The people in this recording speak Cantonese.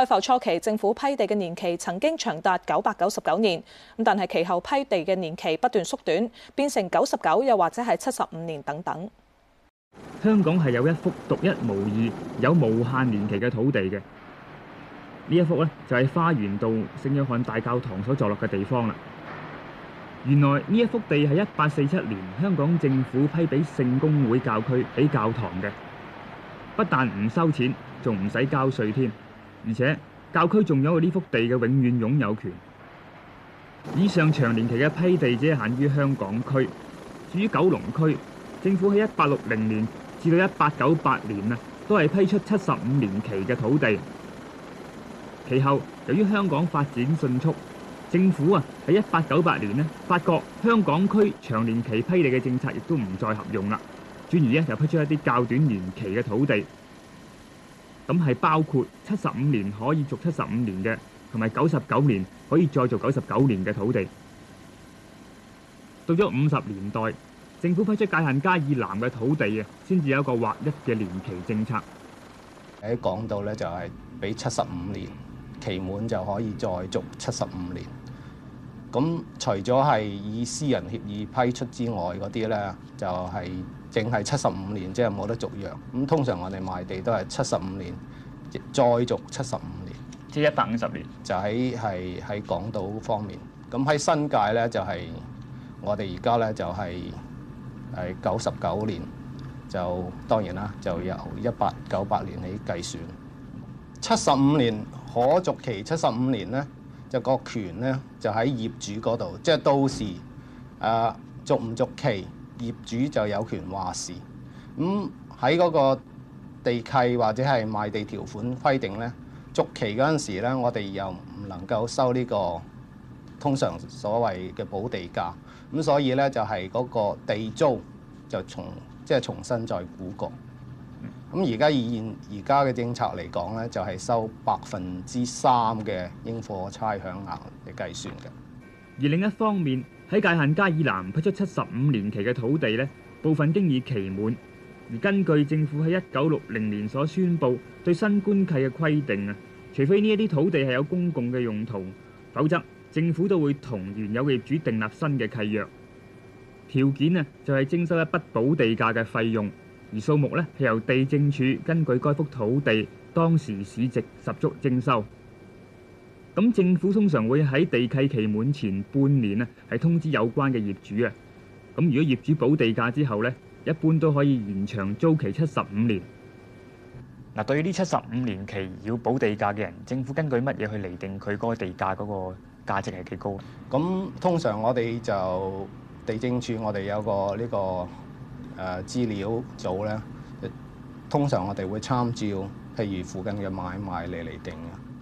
開埠初期政府批地嘅年期曾經長達九百九十九年，咁但係其後批地嘅年期不斷縮短，變成九十九，又或者係七十五年等等。香港係有一幅獨一無二、有無限年期嘅土地嘅，呢一幅呢，就係、是、花園道聖約翰大教堂所坐落嘅地方啦。原來呢一幅地係一八四七年香港政府批俾聖公會教區俾教堂嘅，不但唔收錢，仲唔使交稅添。而且教區仲有呢幅地嘅永遠擁有權。以上長年期嘅批地只限於香港區。至於九龍區，政府喺一八六零年至到一八九八年啊，都係批出七十五年期嘅土地。其後由於香港發展迅速，政府啊喺一八九八年咧，發覺香港區長年期批地嘅政策亦都唔再合用啦，轉而呢就批出一啲較短年期嘅土地。咁係包括七十五年可以續七十五年嘅，同埋九十九年可以再續九十九年嘅土地。到咗五十年代，政府批出界限街以南嘅土地啊，先至有一個劃一嘅年期政策。誒，講到咧，就係俾七十五年期滿就可以再續七十五年。咁除咗係以私人協議批出之外，嗰啲咧就係。淨係七十五年，即係冇得續約。咁通常我哋賣地都係七十五年，再續七十五年，即係一百五十年。就喺係喺港島方面，咁喺新界呢，就係、係、我哋而家呢，就係係九十九年，就當然啦，就由一八九八年起計算。七十五年可續期七十五年呢，就個權呢，就喺業主嗰度，即、就、係、係、到時誒、啊、續唔續期？業主就有權話事，咁喺嗰個地契或者係賣地條款規定呢，續期嗰陣時呢，我哋又唔能夠收呢個通常所謂嘅補地價，咁所以呢，就係嗰個地租就從即係、就是、重新再估過。咁而家以現而家嘅政策嚟講呢，就係、是、收百分之三嘅應課差餉額嚟計算嘅。而另一方面。喺界限街以南批出七十五年期嘅土地呢，部分經已期滿。而根據政府喺一九六零年所宣布對新官契嘅規定啊，除非呢一啲土地係有公共嘅用途，否則政府都會同原有嘅業主訂立新嘅契約。條件呢，就係、是、徵收一筆補地價嘅費用，而數目呢係由地政署根據該幅土地當時市值十足徵收。咁政府通常會喺地契期滿前半年呢，係通知有關嘅業主啊。咁如果業主補地價之後呢，一般都可以延長租期七十五年。嗱，對於呢七十五年期要補地價嘅人，政府根據乜嘢去厘定佢嗰個地價嗰個價值係幾高？咁通常我哋就地政處，我哋有個呢個誒資料組咧，通常我哋、這個啊、會參照譬如附近嘅買賣嚟厘定嘅。